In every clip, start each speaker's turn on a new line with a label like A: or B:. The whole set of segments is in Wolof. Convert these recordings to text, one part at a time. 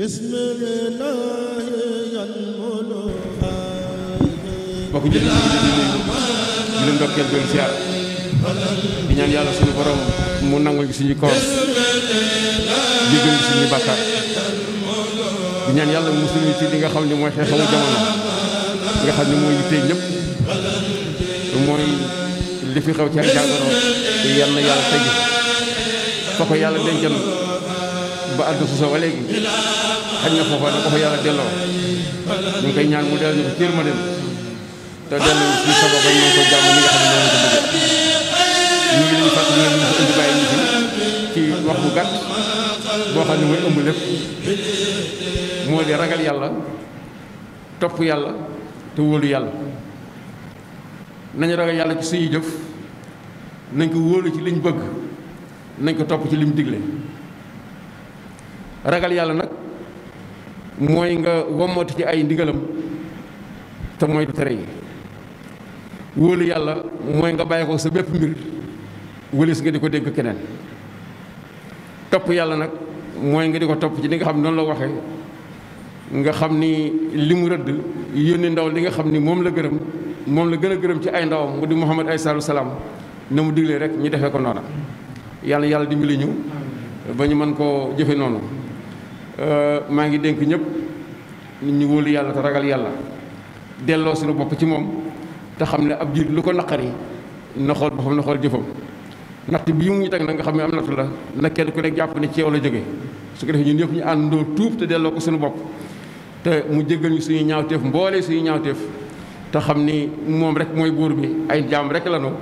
A: bokk
B: jël ñu leen ndokkeel doon ñaan yàlla suñu borom mu nangul gi suñu koor jéggal
A: gi suñu bàkkaar
B: di ñaan yàlla musul ci li nga xam ne mooy xeexamu jamono nga xam ni mooy yittee ñëpp mooy li fi xew ci ak jàngoro yal na yàlla teggi fa yàlla dencal ba addu sosoo ba legi xagna na da ko fa yalla delo ñu ngi koy ñaan mu delloo ñu firma dem ta delloo ci sa bopp ñu ko jamm ni nga xamne ñu ko bëgg ñu ngi ñu fatu ñu ko indi bay ñu fi ci wax bu gàtt boo xam ne mooy ëmb lépp moo di ragal yalla top yalla te wolu yalla nañu ragal yalla ci suñu jëf nañ ko wolu ci liñ bëgg nañ ko top ci lim diglé ragal yàlla nag mooy nga wommatu ci ay ndigalam te mooy tere yi wóolu yàlla mooy nga bàyyi ko sa bépp mbir wëlis nga di ko dégg keneen topp yàlla nag mooy nga di ko topp ci li xam noonu la waxee nga xam ni li mu rëdd yónni ndaw li nga xam ni moom la gërëm moom la gën a gërëm ci ay ndawam mu di Muhammad ay saalu salaam na mu diglee rek ñu defee ko noona yàlla yàlla dimbali ñu ba ñu mën koo jëfe noonu Euh, maa ngi dénk ñëpp nit ñu wóolu yàlla te ragal yàlla delloo suñu bopp ci moom te xam ne ab jiit lu ko naqari na xool boppam na xool jëfam natt bii mu ñu teg nag nga xam ne am nattu la na kenn ku nekk jàpp ne ci yow la jógee su ko defee ñëpp ñu àndoo tuub te delloo ko suñu bopp te mu jéggal ñu suñu ñaawteef mboolee suñu ñaawteef te xam ni moom rek mooy buur bi ay jaam rek la no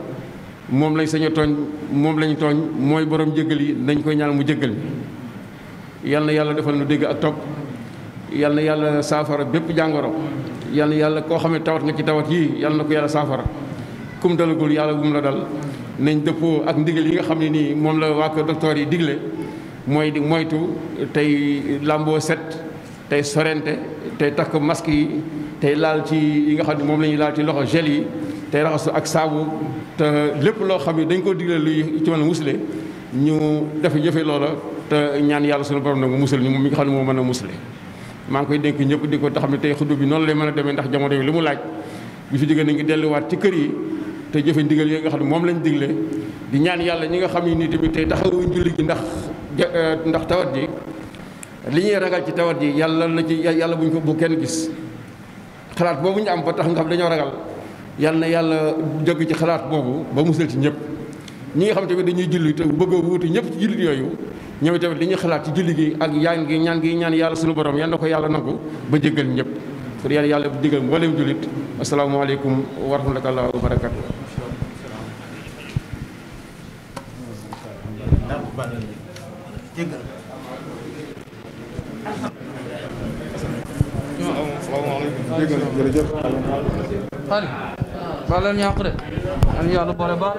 B: moom lañ sañ a tooñ moom lañ tooñ mooy borom jéggal yi nañ koy ñaan mu jéggal bi yal na yàlla defal nu dégg ak topp yal na yàlla saafara bépp jàngoro yal na yàlla koo xam ne tawat nga ci tawat yii yal na ko yàlla saafara kum dalagul yàlla bu mu la dal nañ dëppoo ak ndigal yi nga xam ne nii moom la waa ko docteur yi digle mooy di moytu tey làmboo set tey sorente tey takk masque yi tey laal ci yi nga xam ne moom la ñuy laal ci loxo gel yi tey raxasu ak saabu te lépp loo xam ne dañ ko digle luy ci mën a musle ñu def jëfe loola te ñaan yalla suñu borom nak mu musal ñu mi nga mo ne musulé ma ngi koy denk ñepp diko tax mi tay ne xuddu bi non lay mën démé ndax jamono yi limu laaj bi fi ngi nañu waat ci kër yi te jëfë ndigal yi nga xam mom moom lañ digle di ñaan yalla ñi nga xam nit bi tay tey taxawuñ julli gi ndax eh, ndax tawat ji li ñi ragal ci tawat ji yalla na ci yalla buñ ko bu kenn gis xalaat bobu ñu am ba tax nga xam dañoo ragal yalla yalla jëg ci xalaat bobu ba musul ci ñepp ñi nga xam tamit dañuy julli te bëgg wuuti ñepp ci julli yoyu ñoom itamit li ñu xalaat ci julli gi ak yaa ngi ñaan gi ñaan yàlla suñu borom yan na ko yàlla nangu ba jéggal ñëpp pour yàlla yàlla jéggal mbooleem jullit asalaamaaleykum wa rahmatulah wa barakatu jërëjëf
A: baal leen yàqu de yàlla boole baal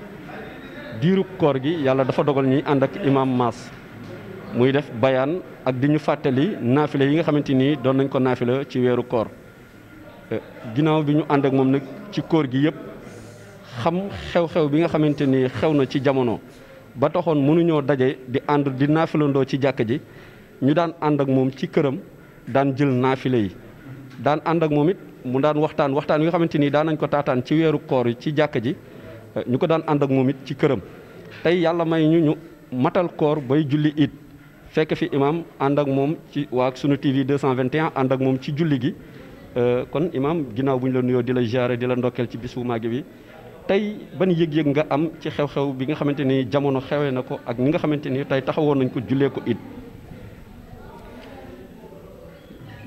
A: diru koor gi yalla dafa dogal ñi and ak imam mas muy def bayan ak diñu ñu fàttali yi nga xamanteni ni doon nañ ko naafila ci weeru koor eh, ginaaw biñu and ak mom nak ci koor gi yëpp xam xew-xew bi nga xamanteni ni ci jamono ba mënu ñoo daje di and di ndo ci jakk ji ñu daan and ak mom ci kërëm daan jël naafile yi daan and ak momit mu daan waxtaan waxtaan yi nga xamanteni daan nañ ko taataan ci weeru koor ci jakk ji ñu ko daan ànd ak moom it ci këram tey yàlla may ñu ñu matal koor bay julli it fekk fi imam ànd ak moom ci waa sunu TV 221 ànd ak moom ci julli gi euh, kon imam ginnaaw bu ñu la nuyoo di la jaare di la ndokkeel ci bi tey ban yëg-yëg nga am ci xew-xew bi nga xamante ni jamono xewee na ko ak ni nga xamante ni tey taxawoon nañ ko jullee ko it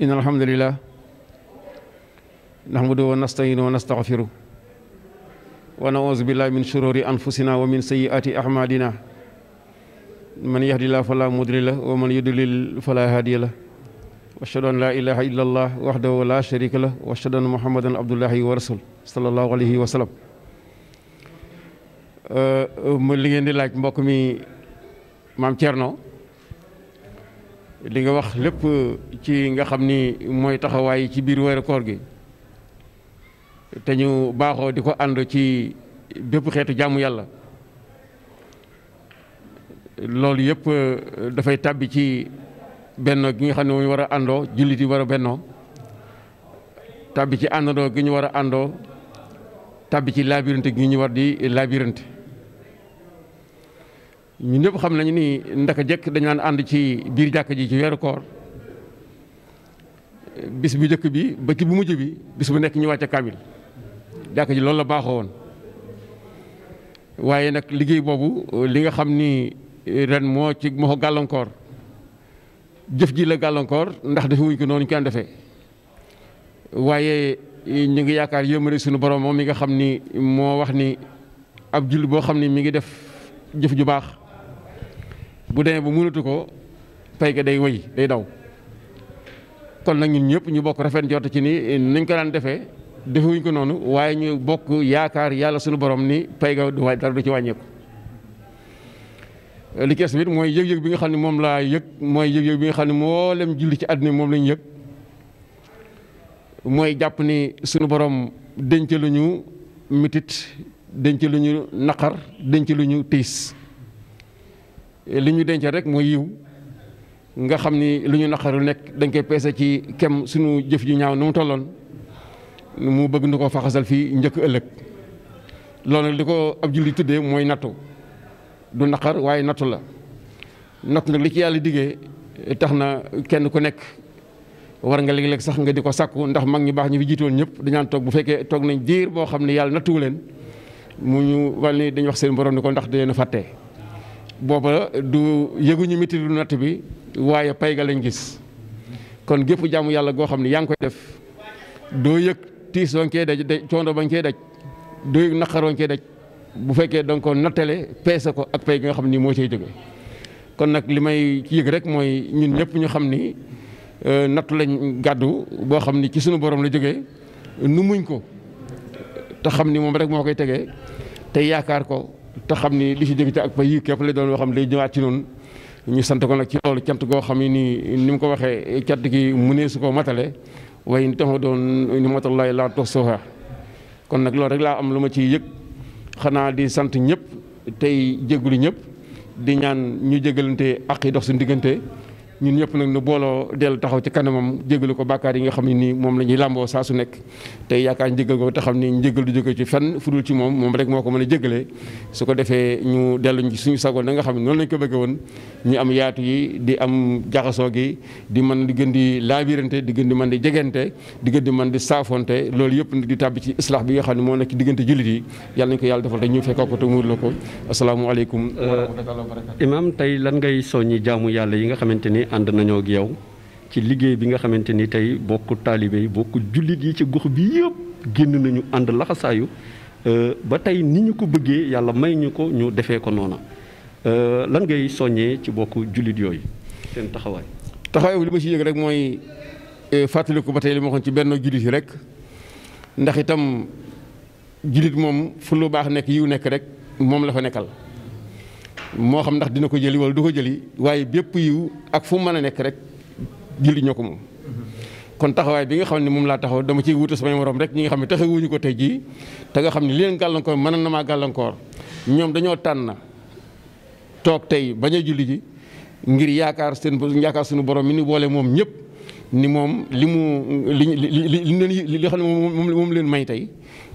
B: إن الحمد لله نحمده ونستعينه ونستغفره ونعوذ بالله من شرور أنفسنا ومن سيئات أعمالنا من يهد الله فلا مضل له ومن يضلل فلا هادي له واشهد ان لا اله الا الله وحده لا شريك له واشهد ان محمدا عبد الله ورسول صلى الله عليه وسلم ا أه، li ngeen لاج laaj مي مام تيرنو Thierno li لب wax lépp ci nga xam ni mooy taxawaay ci te ñu baaxoo di ko ànd ci bépp xeetu jaamu yàlla loolu yëpp euh, dafay tàbbi ci benn gi nga xam ne moo war a àndoo jullit yi war a bennoo tàbbi ci àndandoo gi ñu war a àndoo tàbbi ci laabirante gi ñu war di laabirante ñu ñëpp xam nañu ni ndaka jëkk dañu naan ànd ci biir jàkk ji ci weeru koor bis bu njëkk bi ba ci bu mujj bi bis bu nekk ñu wàcce kaamil jàkk ji loolu la baaxoo woon waaye nag liggéey boobu li nga xam ni eh, ren moo ci moo gàllankoor jëf ji la gàllankoor ndax defe wuñ ko ñu koy defee waaye eh, ñu ngi yaakaar yëmale suñu borom moom mi nga xam ni moo wax ni ab jullit boo xam ni mi ngi def jëf ju baax bu demee bu mënatu ko pay ga day woy day daw kon nag ñun ñëpp ñu bokk rafet jot ci ni eh, nañ ko daan defee defewuñ ko noonu waaye ñu bokk yaakaar yàlla sunu borom ni pay ga waay dara du ci wàññeeku li kees bi mooy yëg-yëg bi nga xam ne moom laa yëg mooy yëg-yëg bi nga xam ne mboolem julli ci àddina moom lañu yëg mooy jàpp ni sunu borom denc lu ñu mitit denc lu ñu naqar denc lu ñu tiis li ñu denc rek mooy yiw nga xam ni lu ñu naqarul nekk dañ koy peese ci kem sunu jëf ju ñaaw nu mu tolloon mu bëgg nu ko faxasal fii njëkk ëllëg loolu nag li ko ab julli tuddee mooy nattu du naqar waaye nattu la nattu na li ci yàlla diggee tax na kenn ku nekk war nga léeg lekk sax nga di ko sàkku ndax mag ñi baax ñu fi jiitoon ñëpp dañaan toog bu fekkee toog nañ diir boo xam ne yàlla nattuwu leen mu ñu wal ni dañu wax seen borom ni ko ndax da leen a booba du yëguñu miti du natt bi waaye pay lañ gis kon gépp jaamu yàlla goo xam ne yaa ngi koy def doo tiis ba nga koy daj daj coono ba koy daj doyug naqaroo nga daj bu fekkee da nga ko nattale peese ko ak pay gi nga xam ni moo cay jóge kon nag li may yëg rek mooy ñun ñëpp ñu xam ni euh, natt lañ gàddu boo xam ni ci sunu borom la jóge nu muñ ko te xam ni moom rek moo koy tege te yaakaar ko te xam ni li ci jóge ci ak pay yii képp la doon loo xam ne day ñëwaat ci noonu ñu sant ko nag ci loolu cant koo xam ni ni mu ko waxee cant gi mu nee su ko matale nu wa in ta'uddu ni'matallahi laa tuhsuha kon nag loolu rek laa am lu ma ciy yëg xanaa di sant ñëpp tey jégalu ñëpp di ñaan ñu jégalante ak yi dox suñu diggante ñun ñëpp nag nu booloo dellu taxaw ci kanamam jégalu ko bàkkaar yi nga xam ne nii moom la ñuy làmboo saa su nekk tey yaakaar njégal ko te xam ni njégal du jóge ci fenn fu dul ci moom moom rek moo ko mën a jégalee su ko defee ñu delluñ ci suñu sagoon na nga xam ne noonu lañ ko bëggee woon ñu am yaatu yi di am jaxasoo gi di man di gën di laabirante di gën di man di jegente di gën di man di saafonte loolu yëpp nag di tàbbi ci islaax bi nga xam ne moo nekk ci diggante jullit yi yàlla nañ ko yàlla defal te ñu fekkoo ko te muur la ko
A: asalaamaaleykum wa rahmatullahi wa barakatuh imam tey yàlla yi nga xamante ni ànd nañoo ak yow ci liggéey bi nga xamante ni tey bokk taalibe yi bokk jullit yi ci gox bi yëpp génn nañu ànd laxasaayu euh, ba tey ni ñu ko bëggee yàlla may ñu ko ñu defee ko noona euh, lan ngay soññee ci bokk jullit yooyu seen taxawaay.
B: taxawaay li ma si yëg rek mooy euh, fàttaliku ba tey li ma waxoon ci benn jullit yi rek ndax itam jullit moom fu lu baax nekk yiw nekk rek moom la fa nekkal. mo xam ndax dina ko jëli wala du ko jëli waaye bépp yiw ak fu mu mën a nekk rek julli ñoo ko moom kon taxawaay bi nga xam ne moom laa taxaw dama ci wuute samay morom rek ñi nga xam ne taxawuñu ko tey jii te nga xam ne li leen gàllankoor mën na maa gàllankoor ñoom dañoo tànn toog tey bañ a julli ji ngir yaakaar seen yaakaar suñu borom mi ni boole moom ñëpp ni moom li mu li li li li xam ne moom moom leen may tey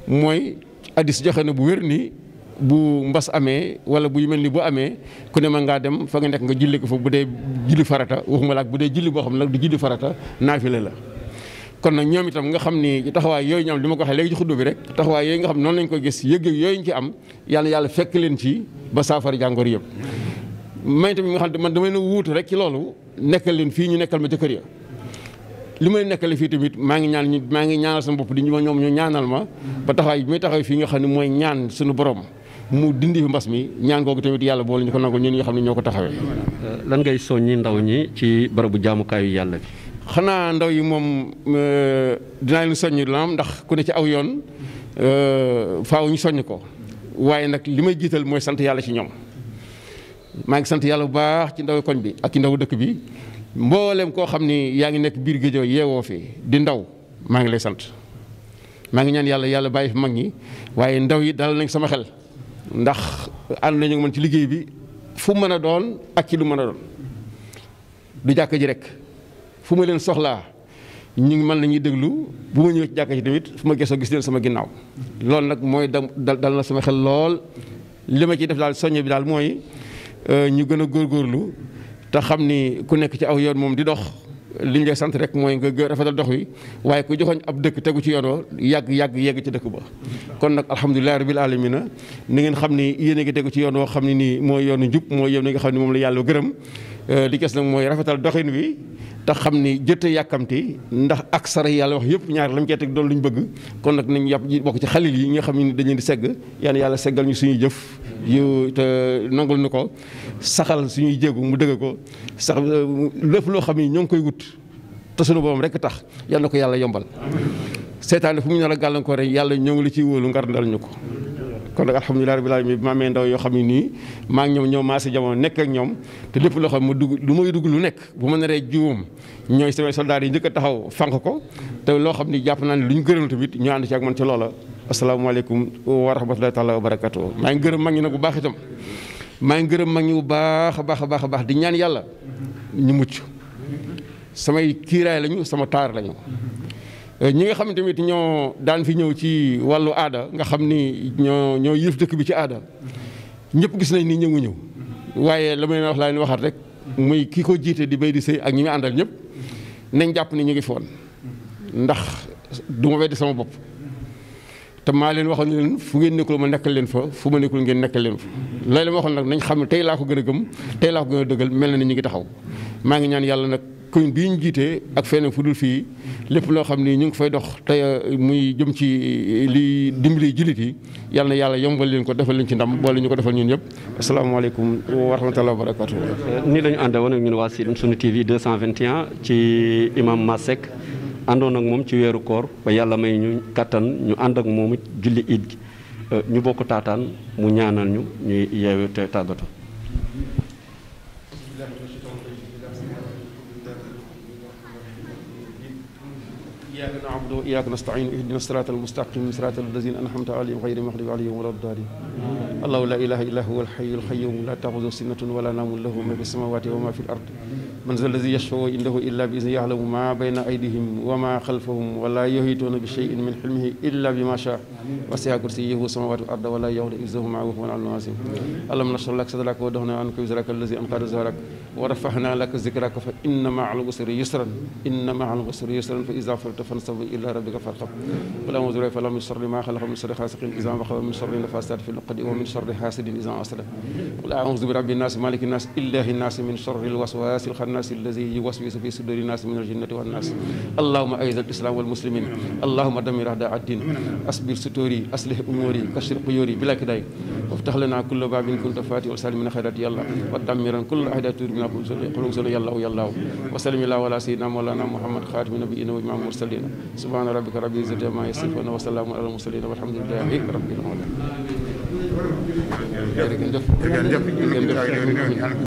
B: mooy addis joxe na bu wér ni bu mbas amé wala bu yu ni bu amé ku ne ma nga dem fa nga nek nga julli ko fa budé julli farata waxuma lak budé julli bo xam nak du julli farata nafilé la. kon nak ñoom itam nga xam ni taxaway yoy ñam am ko waxee légui ci xuddu bi rek taxaway yoy nga xam non lañ ko gis yegg yoy ci am yalla yalla fekk leen ci ba safar jangor yeb may tam nga xam man damay na wut rek ci loolu nekkal leen fi ñu nekkal ma ci kër ya limay nekkal nyan tamit ma ngi ñaan ngi ñaanal sama bop di ñu ñu ñaanal ma ba taxaway bi taxaway fi nga xam ni moy ñaan suñu borom mu dindi fi mbas mi ñaan googu tamit yàlla boole ñu ko nangul ñun ñoo xam ne ñoo ko taxawee. lan
A: ngay soññi ndaw ñi ci barabu jaamukaayu yàlla bi.
B: xanaa ndaw yi moom euh, dinaa leen soññ laam ndax ku ne ci aw yoon euh, faaw ñu soññ ko waaye nag li may jiital mooy sant yàlla ci ñoom maa ngi sant yàlla bu baax ci ndaw koñ bi ak ci ndaw dëkk bi mboolem koo xam ni yaa ngi nekk biir géejoo yeewoo fi di ndaw maa ngi lay sant maa ngi ñaan yàlla yàlla bàyyi fi mag ñi waaye ndaw yi dalal nañ sama xel. ndax ànd nañu mën ci liggéey bi fu mën a doon ak ci lu mën a doon du jàkk ji rek fu ma leen soxlaa ñu ngi mën nañuy déglu bu ma ñëwee ci jàkk ji tamit fu ma gesoo gis leen sama ginnaaw loolu nag mooy dal na sama xel lool li ma ciy def daal soññe bi daal mooy euh, ñu gën a góor góorlu te xam ni ku nekk ci aw yoon moom di dox li ñu lay sant rek mooy nga rafetal dox wi waaye ku joxoñ ab dëkk tegu ci yoon yoonoo yàgg yàgg yegg ci dëkk ba kon nag alhamdulilah rabil alamina ni ngeen xam ni yéen a ngi tegu ci yoon woo xam ne nii mooy yoonu njub mooy yoon wi nga xam ne moom la yàlla gërëm euh, li ges nag mooy rafetal doxin wi te xam ni jëtte yàkkamti ndax ak sara yàlla wax yëpp ñaar lam cee teg doon lu ñu bëgg kon nag nañ yàpp bokk ci xalil yi nga xam ne dañu di segg yaan yàlla seggal ñu suñuy jëf yu te nangul nu ko saxal suñuy jéegu mu dëgg ko sax euh, lépp loo xam yi ñoo ngi koy wut te sunu borom rek tax yal na ko yàlla yombal seetaane fu mu nar a gàllankoor rek yàlla ñoo ngi la ciy wóolu ngar ndal ñu ko kon nag alhamdulilah rabbil alamin bi ma amee ndaw yoo xam ne nii maa ngi ñoom ñoom maa si jamono nekk ak ñoom te lépp loo ma dugg lu may dugg lu nekk bu ma naree juum ñooy samay soldaar yi njëkk a taxaw fànq ko te loo xam ni jàpp naa ne lu ñu gërëm tamit ñu ànd ci ak man ci loola asalaamaaleykum wa rahmatullahi taala wa barakatu maa ngi gërëm mag ñi nag bu baax itam maa ngi gërëm mag ñi bu baax a baax a baax a baax di ñaan yàlla ñu mucc samay kiiraay lañu sama taar lañu. Euh, ñi nga xam tamit ñoo daan fi ñëw ci wàllu aada nga xam ni ñoo ñoo yilif dëkk bi ci aada ñëpp gis nañ ni ñëw ñëw waaye la may wax laa leen waxaat rek. muy kii ko jiite di bay di sëy ak ñi muy àndal ñëpp nañ jàpp ni ñu ngi foon ndax du ma weddi sama bopp te maa leen waxoon leen fu ngeen nekkul ma leen fa fu ma nekkul ngeen nekkal leen fa loolu la ma waxoon nag nañ xam ne tey laa ko gën a gëm tey laa ko gën a dëggal mel na ni ñu ngi taxaw maa ngi ñaan yàlla nag commune bii ñu jiitee ak feneen fu dul fii lépp loo xam ni ñu ngi fay dox tey euh, muy jëm ci euh, li dimbali jullit yi yal na yàlla yombal leen ko defal leen ci ndam boole ñu ko defal ñun yëpp asalaamaaleykum wa rahmatulah wa barakatu
A: nii la ñu àndewoon ak ñun waa sunu TV 221 ci imam Masek àndoon ak moom ci weeru koor ba yàlla may ñu kattan ñu ànd ak moom julli iid gi euh, ñu bokk taataan mu ñaanal ñu ñuy yeewu te tàggatoo
B: إياك نعبد وإياك نستعين اهدنا الصراط المستقيم صراط الذين أنعمت عليهم غير المغضوب عليهم ولا الضالين الله لا إله إلا هو الحي القيوم لا تأخذه سنة ولا نوم له ما في السماوات وما في الأرض من ذا الذي يشفع عنده إلا بإذنه يعلم ما بين أيديهم وما خلفهم ولا يهيتون بشيء من حلمه إلا بما شاء وسع كرسيه السماوات والأرض ولا يؤود إزهما وهو العلي العظيم اللهم نشر لك صدرك ودهنا عنك وزرك الذي أنقذ زهرك ورفعنا لك ذكرك فإن مع العسر يسرا إن مع العسر يسرا فإذا فرت فانصب إلى ربك فارغب ولا مزر فلا من شر ما خلق من شر خاسق إذا ما خلق من شر الفاسد في العقد ومن شر حاسد إذا أسد ولا أعوذ برب الناس مالك الناس إله الناس من شر الوسواس الخناس الذي يوسوس في صدور الناس من الجنة والناس اللهم أعز الإسلام والمسلمين اللهم دمر أعداء الدين أصبر ستوري أصلح أموري كشر قيوري بلا كداي وافتح لنا كل باب كنت فاتي وسالم من خيرات يا الله ودمرا كل أعداء ربنا قل انزل يلا ويلا وسلم الله على سيدنا مولانا محمد خاتم نبينا وامام المرسلين سبحان ربك رب العزه عما يصفون وسلام على المرسلين والحمد لله رب العالمين